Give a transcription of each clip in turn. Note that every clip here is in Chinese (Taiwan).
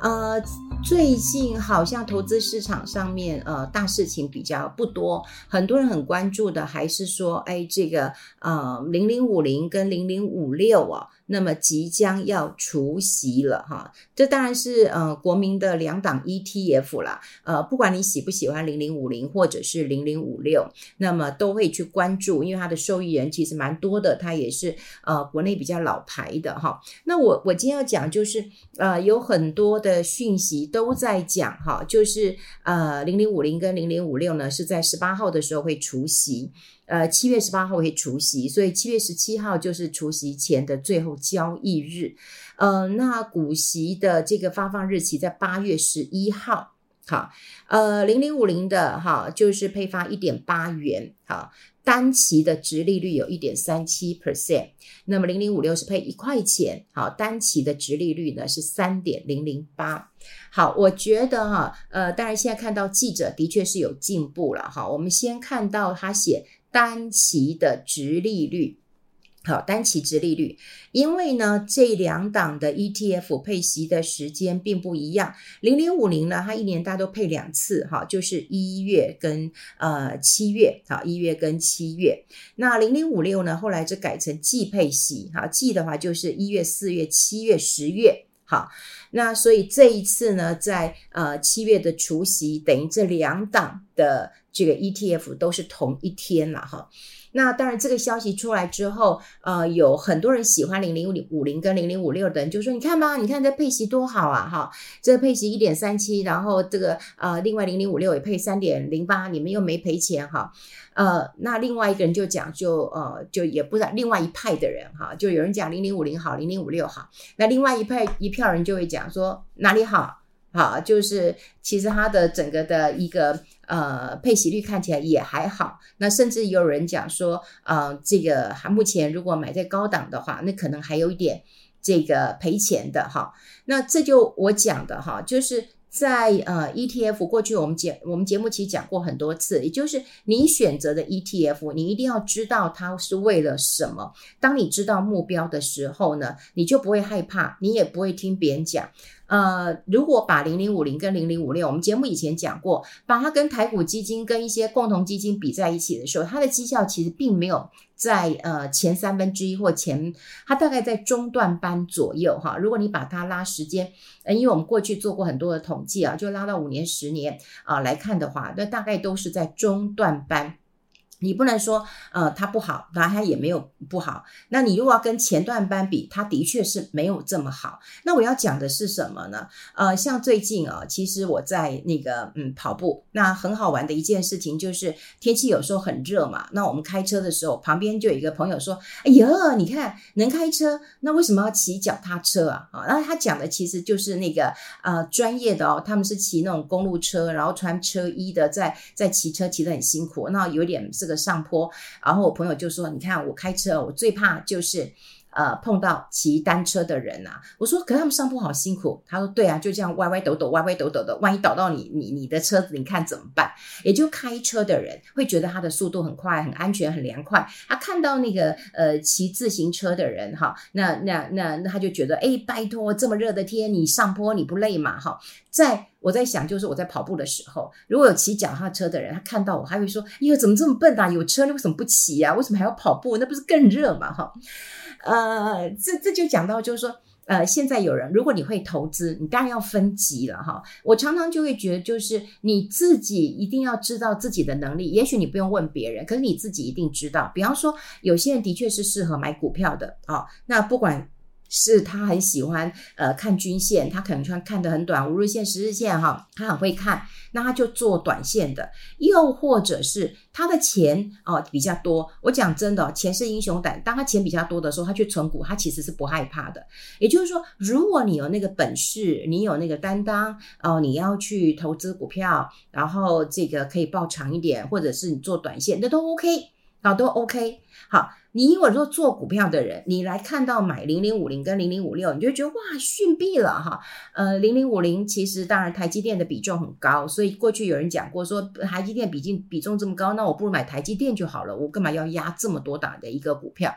呃，最近好像投資市場上面，呃，大事情比較不多。很多人很關注的還是說，哎，這個，呃，零零五零跟零零五六啊，那麼即將要除息了哈。這當然是，呃，國民的兩檔 ETF 啦。呃，不管你喜不喜歡零零五零或者是零零五六，那麼都會去關注，因為它的受益人其實蠻多的，它也是呃國內比較老牌的哈。那我我今天要講就是，呃，有很多的。的訊息都在講哈，就是呃零零五零跟零零五六呢是在十八號的時候會除息，呃七月十八號會除息，所以七月十七號就是除息前的最後交易日，呃那股息的這個發放日期在八月十一號，好，呃零零五零的哈就是配發一點八元好，單期的殖利率有一點三七 percent，那麼零零五六是配一塊錢，好，單期的殖利率呢是三點零零八，好，我覺得哈、啊，呃，當然現在看到記者的確是有進步了哈，我們先看到他寫單期的殖利率。好，單期殖利率，因為呢，這兩檔的 ETF 配息的時間並不一樣。零零五零呢，它一年大多都配兩次，哈，就是一月跟呃七月，哈，一月跟七月。那零零五六呢，後來就改成季配息，哈，季的話就是一月、四月、七月、十月，哈。那所以這一次呢，在呃七月的除息，等於這兩檔的這個 ETF 都是同一天了，哈。那當然，這個消息出來之後，呃，有很多人喜歡零零五零跟零零五六的人，就說你看吧，你看這配息多好啊，哈，這配息一點三七，然後這個呃，另外零零五六也配三點零八，你們又沒賠錢哈，呃，那另外一個人就講就，就呃，就也不知道另外一派的人哈，就有人講零零五零好，零零五六好，那另外一派一票人就會講說哪裡好？好，就是其實它的整個的一個呃配息率看起來也還好，那甚至有人講說，呃，這個目前如果買在高檔的話，那可能還有一點這個賠錢的哈。那這就我講的哈，就是在呃 ETF 過去我們節我們節目其實講過很多次，也就是你選擇的 ETF，你一定要知道它是為了什麼。當你知道目標的時候呢，你就不會害怕，你也不會聽別人講。呃，如果把零零五零跟零零五六，我們節目以前講過，把它跟台股基金跟一些共同基金比在一起的時候，它的績效其實並沒有在呃前三分之一或前，它大概在中段班左右哈。如果你把它拉時間，嗯、呃、因為我們過去做過很多的統計啊，就拉到五年、十年啊來看的話，那大概都是在中段班。你不能說，呃，他不好，那它也沒有不好。那你如果要跟前段班比，他的確是沒有這麼好。那我要講的是什麼呢？呃，像最近啊，其實我在那個嗯跑步，那很好玩的一件事情就是天氣有時候很熱嘛。那我們開車的時候，旁邊就有一個朋友說：“哎呀，你看能開車，那為什麼要騎腳踏車啊？”啊，然後他講的其實就是那個呃專業的哦，他們是騎那種公路車，然後穿車衣的，在在騎車騎得很辛苦，那有點是。上坡，然後我朋友就說：“你看我開車，我最怕就是呃碰到騎單車的人啊。”我說：“可是他們上坡好辛苦。”他說：“對啊，就這樣歪歪抖抖，歪歪抖抖的，萬一倒到你，你你的車子，你看怎麼辦？”也就開車的人會覺得他的速度很快，很安全，很涼快，他看到那個呃騎自行車的人哈，那那那那他就覺得誒，拜托，這麼熱的天你上坡你不累嘛？哈，在。我在想，就是我在跑步的時候，如果有騎腳踏車的人，他看到我，還會說：“哎呦怎麼這麼笨啊？有車你為什麼不騎呀、啊？為什麼還要跑步？那不是更熱嗎？”哈，呃，這這就講到，就是說，呃，現在有人，如果你會投資，你當然要分級了，哈、哦。我常常就會覺得，就是你自己一定要知道自己的能力。也許你不用問別人，可是你自己一定知道。比方說，有些人的確是適合買股票的，啊、哦，那不管。是他很喜歡呃看均線，他可能穿看得很短，五日線、十日線哈、哦，他很會看，那他就做短線的。又或者是他的錢哦比較多，我講真的、哦，錢是英雄膽，當他錢比較多的時候，他去存股，他其實是不害怕的。也就是說，如果你有那個本事，你有那個擔當哦，你要去投資股票，然後這個可以抱長一點，或者是你做短線，那都 OK。好都 OK。好，你如果說做股票的人，你來看到買零零五零、跟零零五六，你就覺得哇，遜斃了哈。呃，零零五零其實當然台積電的比重很高，所以過去有人講過說，台積電畢竟比重這麼高，那我不如買台積電就好了，我幹嘛要壓這麼多檔的一個股票？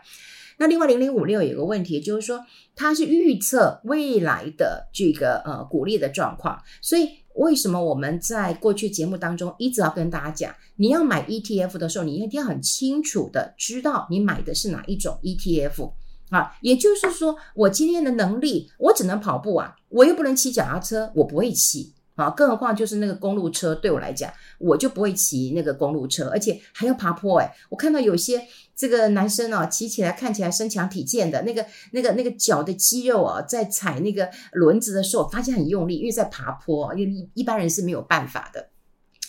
那另外零零五六有個問題，就是說它是預測未來的這個呃股利的狀況，所以為什麼我們在過去節目當中一直要跟大家講，你要買 ETF 的時候，你一定要很清楚的知道你買的是哪一種 ETF 啊？也就是說，我今天的能力，我只能跑步啊，我又不能騎腳踏車，我不會騎啊，更何況就是那個公路車對我來講，我就不會騎那個公路車，而且還要爬坡哎，我看到有些。這個男生哦、啊，騎起來看起來身強體健的，那個、那個、那個腳的肌肉哦、啊，在踩那個輪子的時候，我發現很用力，因為在爬坡，因為一般人是沒有辦法的。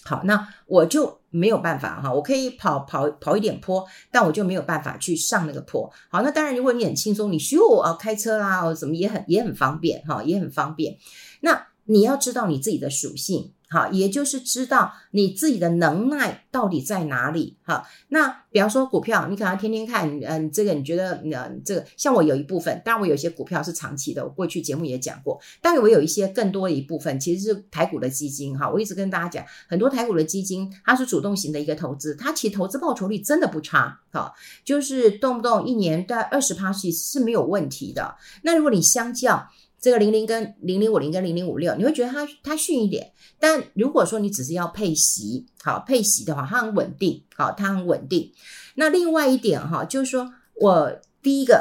好，那我就沒有辦法哈，我可以跑跑跑一點坡，但我就沒有辦法去上那個坡。好，那當然，如果你很輕鬆，你咻啊，開車啦，哦，怎麼也很也很方便哈，也很方便。那你要知道你自己的屬性。好，也就是知道你自己的能耐到底在哪裡。哈，那比方說股票，你可能天天看，嗯，這個你覺得，嗯，這個像我有一部分，但我有些股票是長期的，我過去節目也講過，但我有一些更多一部分其實是台股的基金，哈，我一直跟大家講，很多台股的基金它是主動型的一個投資，它其實投資報酬率真的不差，哈，就是動不動一年到二十趴，其實是沒有問題的。那如果你相較，這個零零跟零零五零跟零零五六，你會覺得它它遜一點。但如果說你只是要配息，好配息的話，它很穩定，好它很穩定。那另外一點哈，就是說我第一個，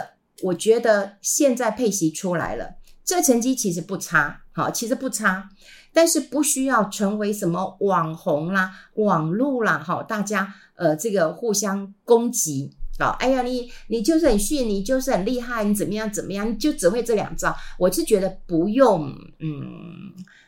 我覺得現在配息出來了，這成績其實不差，好其實不差，但是不需要成為什麼網紅啦、網路啦，好大家呃這個互相攻擊。哦，哎呀，你你就是很遜，你就是很厲害，你怎麼樣怎麼樣？你就只會這兩招，我是覺得不用，嗯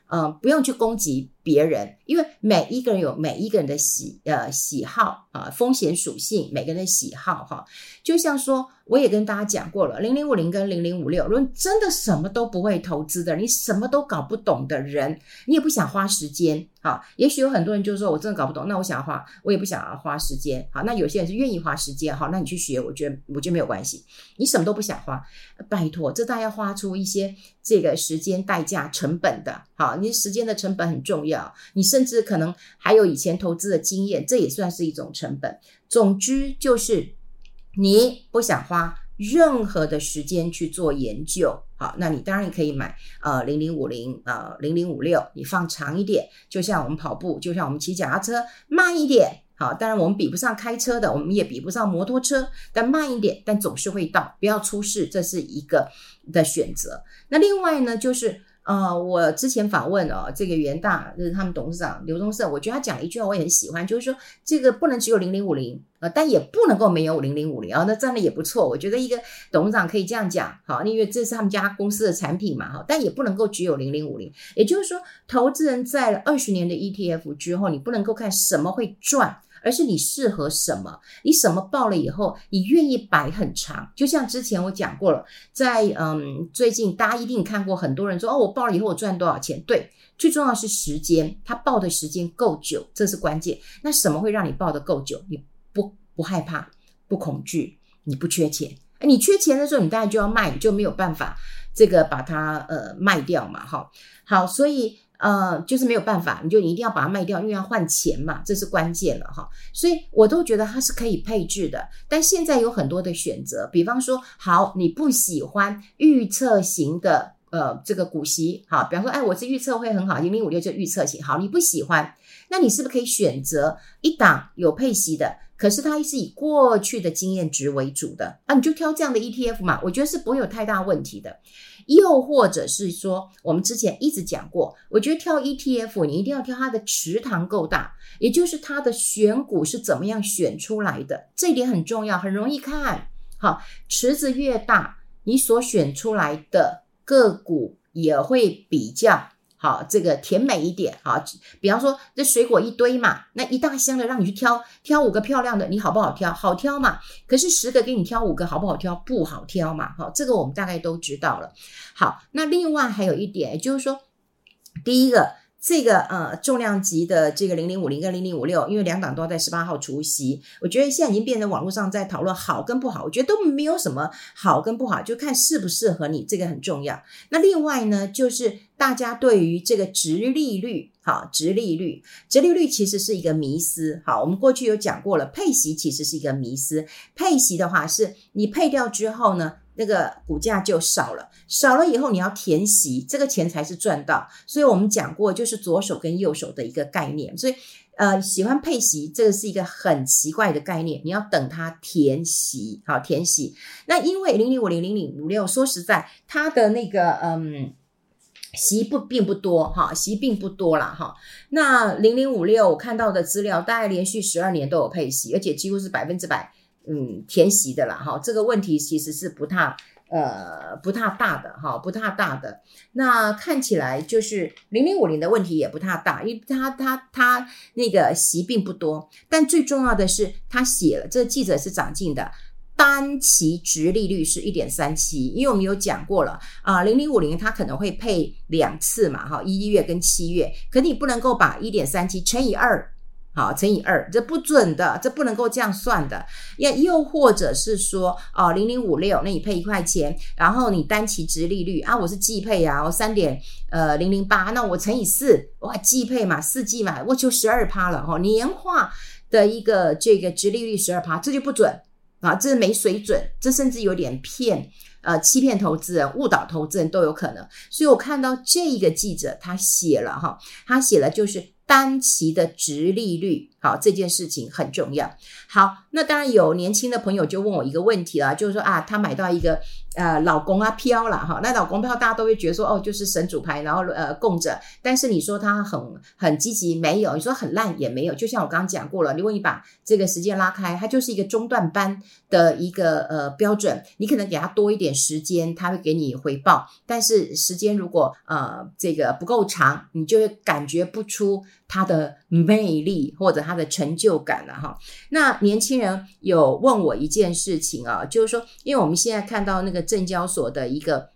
嗯、呃，不用去攻擊別人。別人，因為每一個人有每一個人的喜、呃、喜好啊，風險屬性，每個人的喜好哈。就像說，我也跟大家講過了，零零五零跟零零五六，如果你真的什麼都不會投資的，你什麼都搞不懂的人，你也不想花時間哈，也許有很多人就是說我真的搞不懂，那我想要花，我也不想花時間啊。那有些人是願意花時間哈，那你去學，我覺得我覺得沒有關係。你什麼都不想花，拜托，這大家要花出一些這個時間代價成本的。好，你時間的成本很重要。哦、你甚至可能還有以前投資的經驗，這也算是一種成本。總之就是，你不想花任何的時間去做研究，好，那你當然也可以買呃零零五零啊零零五六，0050, 呃、0056, 你放長一點，就像我們跑步，就像我們騎腳踏車，車慢一點，好，當然我們比不上開車的，我們也比不上摩托車，但慢一點，但總是會到，不要出事，這是一個的選擇。那另外呢，就是。啊、呃，我之前訪問哦，這個元大，就是他們董事長劉宗聖，我覺得他講了一句話，我也很喜歡，就是說這個不能只有零零五零啊，但也不能夠沒有零零五零啊，那真的也不錯。我覺得一個董事長可以這樣講，好，哦，因為這是他們家公司的產品嘛，哈，哦，但也不能夠只有零零五零。也就是說，投資人在二十年的 ETF 之後，你不能夠看什麼會賺。而是你適合什麼？你什麼抱了以後，你願意擺很長？就像之前我講過了，在嗯，最近大家一定看過很多人說哦，我抱了以後我賺多少錢？對，最重要的是時間，他抱的時間夠久，這是關鍵。那什麼會讓你抱的夠久？你不不害怕，不恐懼，你不缺錢？哎，你缺錢的時候，你當然就要賣，你就沒有辦法這個把它呃賣掉嘛？哈，好，所以。呃，就是沒有辦法，你就你一定要把它賣掉，因為要換錢嘛，這是關鍵了哈。所以，我都覺得它是可以配置的。但現在有很多的選擇，比方說，好，你不喜歡預測型的，呃，這個股息，好，比方說，哎，我是預測會很好，零零五六就預測型，好，你不喜歡，那你是不是可以選擇一檔有配息的，可是它是以過去的經驗值為主的，啊，你就挑這樣的 ETF 嘛，我覺得是不會有太大問題的。又或者是說，我們之前一直講過，我覺得挑 ETF，你一定要挑它的池塘夠大，也就是它的選股是怎麼樣選出來的，這一點很重要，很容易看。好，池子越大，你所選出來的個股也會比較。好，這個甜美一點，好，比方說，這水果一堆嘛，那一大箱的，讓你去挑，挑五個漂亮的，你好不好挑？好挑嘛。可是十個給你挑五個，好不好挑？不好挑嘛。好，這個我們大概都知道了。好，那另外還有一點，就是說，第一個。這個呃重量級的這個零零五零跟零零五六，因為兩檔都要在十八號除息，我覺得現在已經變成網絡上在討論好跟不好，我覺得都沒有什麼好跟不好，就看適不適合你，這個很重要。那另外呢，就是大家對於這個殖利率，好，殖利率，殖利率其實是一個迷思，好，我們過去有講過了，配息其實是一個迷思，配息的話是你配掉之後呢。那個股價就少了，少了以後你要填息，這個錢才是賺到。所以我們講過，就是左手跟右手的一個概念。所以，呃，喜歡配息這個是一個很奇怪的概念，你要等它填息，好填息。那因為零零五零零零五六，說實在，它的那個嗯，息不並不多哈，息並不多啦哈。那零零五六，我看到的資料，大概連續十二年都有配息，而且幾乎是百分之百，嗯，填息的啦，哈，這個問題其實是不太，呃，不太大的哈，不太大的。那看起來就是零零五零的問題也不太大，因為它它它那個息並不多。但最重要的是，他寫了，這個、記者是長進的，單期殖利率是一點三七。因為我們有講過了啊，零零五零它可能會配兩次嘛，哈，一月跟七月，可你不能夠把一點三七乘以二。好，乘以二，這不準的，這不能夠這樣算的。要，又或者是說，哦，零零五六，那你配一塊錢，然後你單期殖利率啊，我是季配啊，我三點呃零零八，0, 0, 8, 那我乘以四，哇，季配嘛，四季嘛，我就十二趴了哈，年化的一個這個殖利率十二趴，這就不準啊，這沒水準，這甚至有點騙，呃，欺騙投資人、誤導投資人都有可能。所以我看到這一個記者他寫了哈，他寫了就是。當期的殖利率。好，這件事情很重要。好，那當然有年輕的朋友就問我一個問題了，就是說啊，他買到一個呃老公啊飄了哈、哦，那老公票大家都會覺得說哦，就是神主牌，然後呃供着。但是你說他很很積極沒有？你說很爛也沒有？就像我剛剛講過了，你問你把這個時間拉開，它就是一個中段班的一個呃標準。你可能給他多一點時間，他會給你回報。但是時間如果呃這個不夠長，你就會感覺不出他的魅力或者他。的成就感了，啊、哈，那年輕人有問我一件事情啊，就是說，因為我們現在看到那個證交所的一個。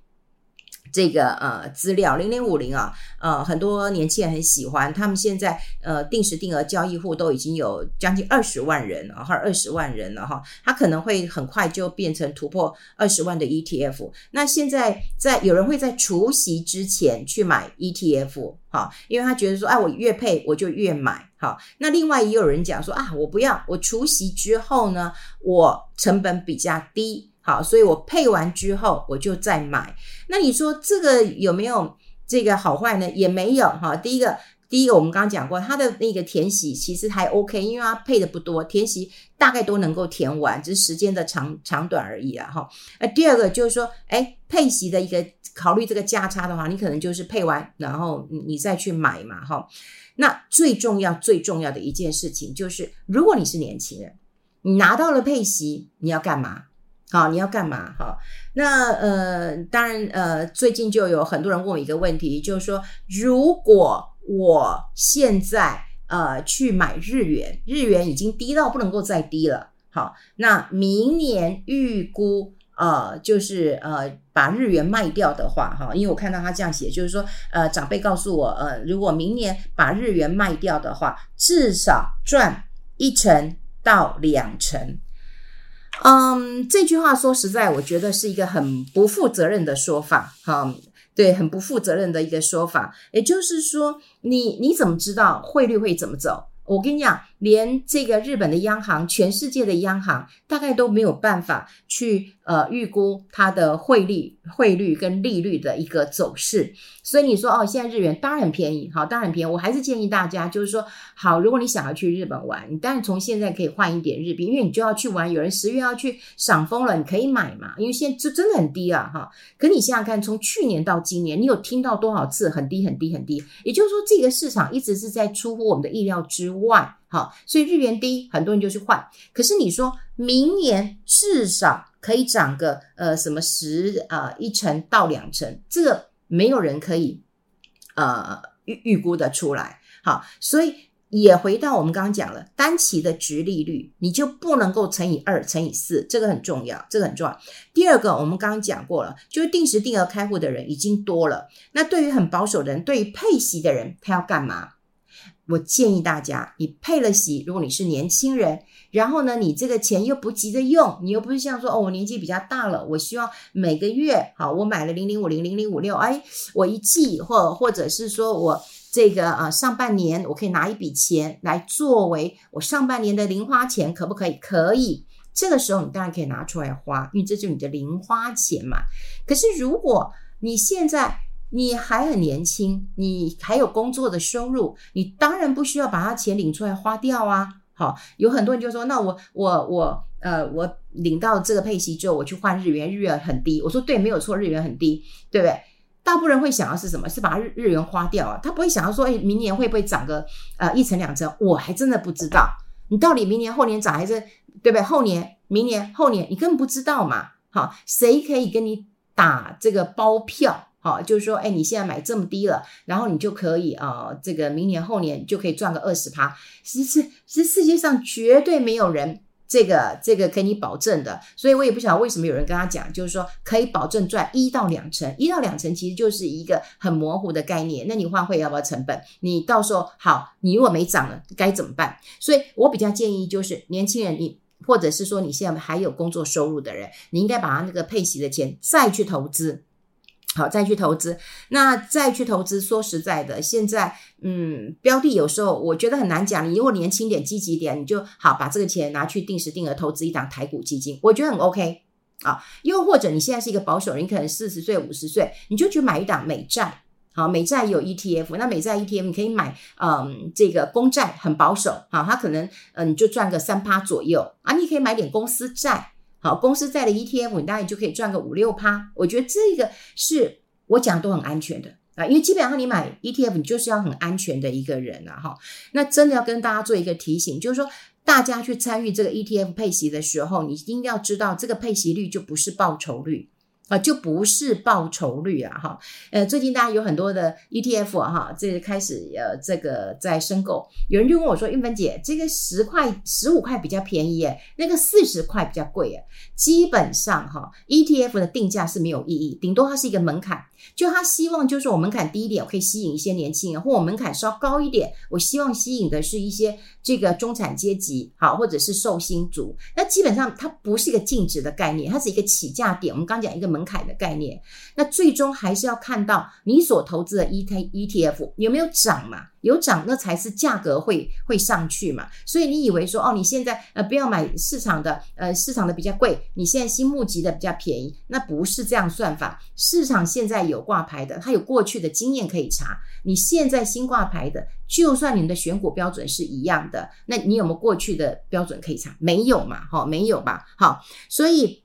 這個呃資料零零五零啊，呃很多年輕人很喜歡，他們現在呃定時定額交易戶都已經有將近二十萬人，或者二十萬人了,萬人了哈，他可能會很快就變成突破二十萬的 ETF。那現在在有人會在除息之前去買 ETF 哈，因為他覺得說，哎、啊、我越配我就越買好。那另外也有人講說啊，我不要我除息之後呢，我成本比較低。好，所以我配完之後我就再買。那你說這個有沒有這個好壞呢？也沒有哈。第一個，第一個我們剛剛講過，他的那個填息其實還 OK，因為他配的不多，填息大概都能夠填完，只是時間的長長短而已啊。哈，那第二個就是說，哎，配息的一個考慮這個價差的話，你可能就是配完然後你再去買嘛。哈，那最重要最重要的一件事情就是，如果你是年輕人，你拿到了配息，你要幹嘛？好，你要幹嘛？好，那呃，當然呃，最近就有很多人問我一個問題，就是說，如果我現在呃去買日元，日元已經低到不能夠再低了，好，那明年預估啊，呃，就是呃把日元賣掉的話，哈，因為我看到他這樣寫，就是說，呃，長輩告訴我，呃，如果明年把日元賣掉的話，至少賺一成到兩成。嗯、um,，這句話說實在，我覺得是一個很不負責任的說法，哈、um,，對，很不負責任的一個說法。也就是說你，你你怎麼知道匯率會怎麼走？我跟你講。連這個日本的央行，全世界的央行大概都沒有辦法去呃預估它的匯率、匯率跟利率的一個走勢。所以你說哦，現在日元當然便宜，好，當然便宜。我還是建議大家就是說，好，如果你想要去日本玩，你當然從現在可以換一點日幣，因為你就要去玩。有人十月要去賞楓了，你可以買嘛，因為現在就真的很低啊，哈。可你想想看，從去年到今年，你有聽到多少次很低、很低、很低？也就是說，這個市場一直是在出乎我們的意料之外。好，所以日元低，很多人就去換。可是你說明年至少可以漲個呃什麼十啊、呃、一成到兩成，這個沒有人可以呃預預估得出來。好，所以也回到我們剛剛講了，單期的殖利率，你就不能夠乘以二乘以四，這個很重要，這個很重要。第二個，我們剛剛講過了，就是定時定額開戶的人已經多了，那對於很保守的人，對於配息的人，他要幹嘛？我建議大家，你配了息，如果你是年輕人，然後呢，你這個錢又不急着用，你又不是像說哦，我年紀比較大了，我希望每個月好，我買了零零五零零零五六，哎，我一季或或者是說我這個啊上半年我可以拿一筆錢來作為我上半年的零花錢，可不可以？可以，這個時候你當然可以拿出來花，因為這就是你的零花錢嘛。可是如果你現在，你還很年輕，你還有工作的收入，你當然不需要把他錢領出來花掉啊。好，有很多人就說：“那我我我呃，我領到這個配息之後，我去換日元，日元很低。”我說：“對，沒有錯，日元很低，對不對？”大部分人會想要是什麼？是把日日元花掉啊，他不會想要說：“哎，明年會不會漲個呃一成兩成？”我還真的不知道，你到底明年後年漲還是對不對？後年、明年、後年，你根本不知道嘛。好，誰可以跟你打這個包票？好，就是說，哎，你現在買這麼低了，然後你就可以啊、哦，這個明年後年就可以賺個二十趴。其實這，這世界上絕對沒有人這個這個給你保證的，所以我也不曉得為什麼有人跟他講，就是說可以保證賺一到兩成，一到兩成其實就是一個很模糊的概念。那你換匯要不要成本？你到時候好，你如果沒漲了，該怎麼辦？所以我比較建議就是，年輕人你，你或者是說你現在還有工作收入的人，你應該把他那個配息的錢再去投資。好，再去投資。那再去投資，說實在的，現在，嗯，標的有時候我覺得很難講。你如果年輕點、積極點，你就好把這個錢拿去定時定額投資一檔台股基金，我覺得很 OK 啊。又或者你現在是一個保守人，你可能四十歲、五十歲，你就去買一檔美債。好，美債有 ETF，那美債 ETF 你可以買，嗯、呃，這個公債很保守。好，它可能嗯、呃，你就賺個三趴左右啊，你可以買點公司債。好，公司在的 ETF，你大概就可以賺個五六趴。我覺得這個是我講都很安全的啊，因為基本上你買 ETF，你就是要很安全的一個人啊。哈，那真的要跟大家做一個提醒，就是說大家去參與這個 ETF 配息的時候，你一定要知道這個配息率就不是報酬率。啊，就不是報酬率啊，哈，呃，最近大家有很多的 ETF 哈，啊啊，這個，開始呃、啊，這個在申購，有人就問我說，韻芬姐，這個十塊、十五塊比較便宜誒，那個四十塊比較貴誒，基本上哈、啊、，ETF 的定價是沒有意義，頂多它是一個門檻。就他希望，就是我門檻低一點，我可以吸引一些年輕人；或者我門檻稍高一點，我希望吸引的是一些這個中產階級，好，或者是受薪族。那基本上它不是一個淨值的概念，它是一個起價點。我們剛講一個門檻的概念，那最終還是要看到你所投資的 E T E T F 有沒有漲嘛？有漲，那才是價格會會上去嘛。所以你以為說哦，你現在呃不要買市場的，呃市場的比較貴，你現在新募集的比較便宜，那不是這樣算法。市場現在有掛牌的，它有過去的經驗可以查。你現在新掛牌的，就算你們的選股標準是一樣的，那你有沒有過去的標準可以查？沒有嘛，好、哦，沒有吧，好。所以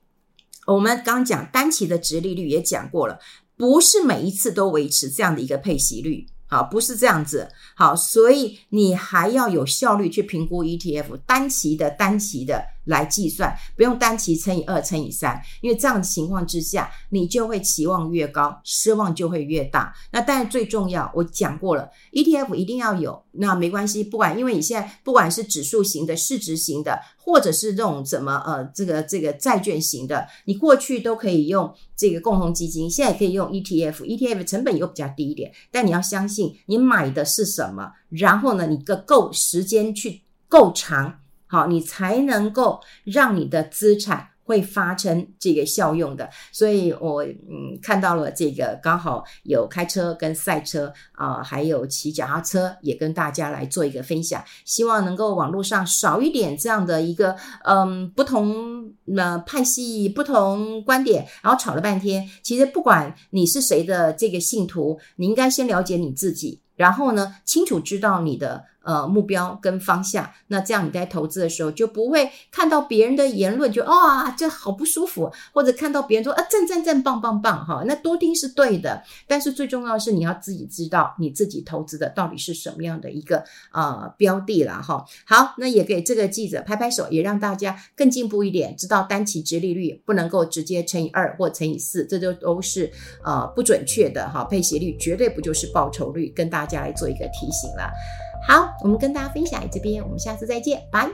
我們剛講單期的殖利率也講過了，不是每一次都維持這樣的一個配息率。啊，不是這樣子。好，所以你還要有效率去評估 ETF 單期的、單期的。來計算，不用單期乘以二乘以三，因為這樣的情況之下，你就會期望越高，失望就會越大。那當然最重要，我講過了，ETF 一定要有。那沒關係，不管因為你現在不管是指數型的、市值型的，或者是這種怎麼呃這個這個債券型的，你過去都可以用這個共同基金，現在也可以用 ETF。ETF 成本又比較低一點，但你要相信你買的是什麼，然後呢，你的夠時間去夠長。好，你才能夠讓你的資產會發生這個效用的。所以我嗯看到了這個，剛好有開車跟賽車啊、呃，還有騎腳踏車，也跟大家來做一個分享。希望能夠網絡上少一點這樣的一個嗯不同呃派系、不同觀點，然後吵了半天。其實不管你是誰的這個信徒，你應該先了解你自己。然後呢，清楚知道你的呃目標跟方向，那這樣你在投資的時候就不會看到別人的言論就啊、哦、這好不舒服，或者看到別人說啊讚讚讚棒棒棒哈，那多聽是對的，但是最重要的是你要自己知道你自己投資的到底是什麼樣的一個呃標的啦，哈。好，那也給這個記者拍拍手，也讓大家更進步一點，知道單期殖利率不能夠直接乘以二或乘以四，這就都是呃不準確的哈。配息率絕對不就是報酬率，跟大家大家來做一個提醒了。好，我們跟大家分享在這邊，我們下次再見，拜。